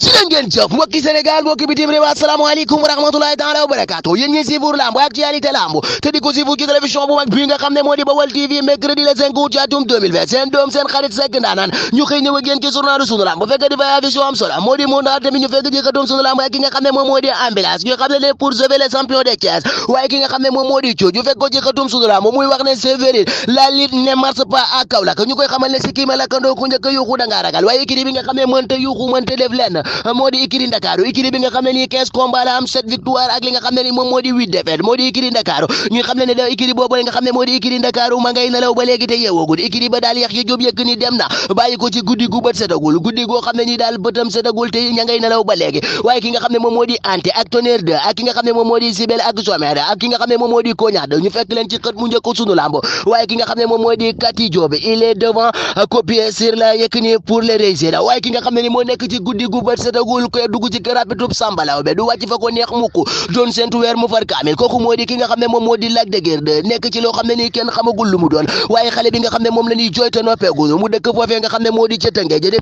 si leen ngeen jëf mbokki bitim réew asalaamaaleykum wa rahmatulahi taala wa barakaatu yéen ñi siifur lamb actualité lamb te di ko siifur ci télévision bu mag bii xam ne moo di Baol TV mercredi le 5 août ci atum 2020 doom seen xarit Seck Ndaanaan ñu xëy ci journalu sunu lamb bu di fay affiche am solo moo di moo ndaar xam ne leen pour sauver les de Thiès waaye ki xam ne moom moo di fekk ko jëkkatum sunu moo di ikiri ndakaaru ikiri bi nga xam ne nii quinze combat am sept victoire ak li nga xam ne ni moom moo di huit défaite moo di ikiri ndakaaru ñu xam ne ne moo di ikiri ndakaaru ma ngay nelaw ba léegi te yeewoogul ikiri ba daal yax yi jóob ni dem na bàyyi ko ci guddi gu setagul guddi goo xam ne nii daal bëtam setagul te ña ngay nelaw ba léegi waaye ki nga xam ne moom moo di ante ak tonnerre de ak ki nga xam ne moom moo di sibel ak somère ak ki nga xam ne moom moo di bët setagul ko dugg ci kërapitub sàmbalaw be du wàcc fa ko neex mukk doon seentu weer mu far kaamil kooku moo di ki nga xam ne moom di Lac de Guiers nekk ci loo xam ne nii kenn xamagul lu mu doon waaye xale bi nga xam ne mu di ca tëngee ji di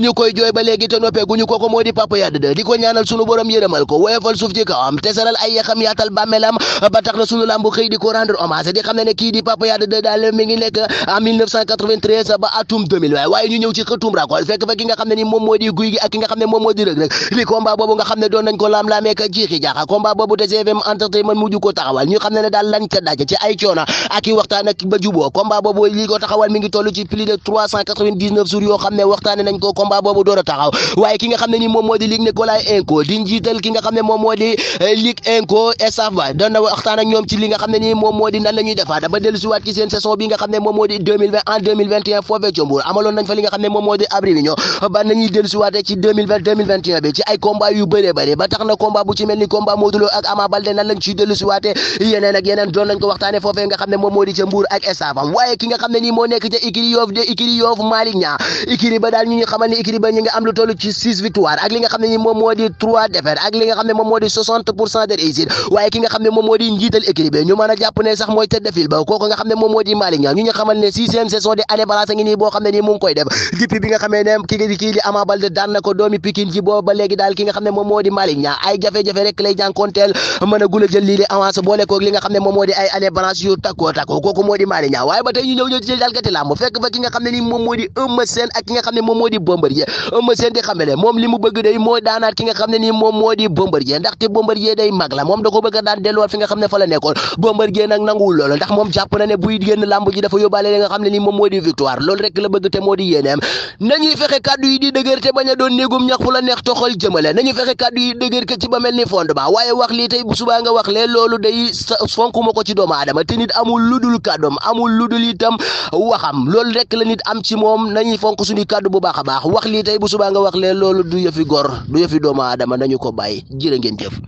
ñu koy jooy ba di Papa Yade de di ko ñaanal sunu borom yërëmal ko woyofal suuf ci kawam te saral ay yaxam yaatal ba tax na sunu lambu xëy di ko rendre hommage di xam ne ne kii di Papa Yade de daal mi ngi nekk en ba atum 2000 waaye ni moom moo di guy gi ak nga xam ne moom moo di rëg rëg li boobu nga xam ne doon nañ ko laam-laamee ka jiixi jaaxa combat boobu te GFM entertainment mujj ko taxawal ñu xam ne ne daal lañ ca ci ay coono ak waxtaan ba juboo combat boobu li taxawal mi ngi toll ci plus de 399 jours yoo xam ne waxtaane nañ ko combat boobu door a taxaw waaye ki nga xam ne ni moom moo di Luc Nicolaï Enco di njiital ki nga xam ne moom moo di eh, Luc ba nañuy dellusiwaate ci 2020 2021 bi ci ay combat yu bëree bëri ba tax na combat bu ci mel ni combat Modou ak Ama Baldé nan lañ ciy dellusiwaate yeneen ak yeneen doon nañ ko waxtaane foofee nga xam ne moom di ca Mbuur ak estafam waaye ki nga xam ne ni moom di trois défaites ak li nga xam ne moom di 60 pour cent de réussite waaye ki nga xam ne moom di njiital équipe bi ñu mën a jàpp sax mooy tête de file ba kooku nga xam ne kii di Ama Baldé daan na ko doomi Pikine ji boobu ba daal ki nga xam ne moom moo di Malick ay jafe-jafe rek lay jànkonteel mën a gula jël lii di avance boole li nga xam ne moom moo di ay année blanche yu takkoo takkoo kooku moo di Malick Niang waaye ba tey ñu ñëw ñëw ci jalgati làmb fekk ki nga xam ne ni moom moo di Eumeu ki nga xam ne moom moo di Bombardier Eumeu Sène di xam ne li mu bëgg day moo daanaat ki nga xam ne ni moom moo di Bombardier ndax moom yi di dëgër te bañ a doon néegum ñax fu la neex toxal jëmale nañu fexe kàddu yi dëgër ke ci ba mel ni fondement waaye wax lii tey bu subaa nga wax le loolu day fonk ma ko ci doomu aadama te nit amul ludul kàddoom amul ludul itam waxam loolu rek la nit am ci moom nañuy fonk suñu kàddu bu baax a baax wax lii tey bu subaa nga wax lee loolu du yëfi gor du yëfi doomu aadama nañu ko bàyyi jërë ngeen jëf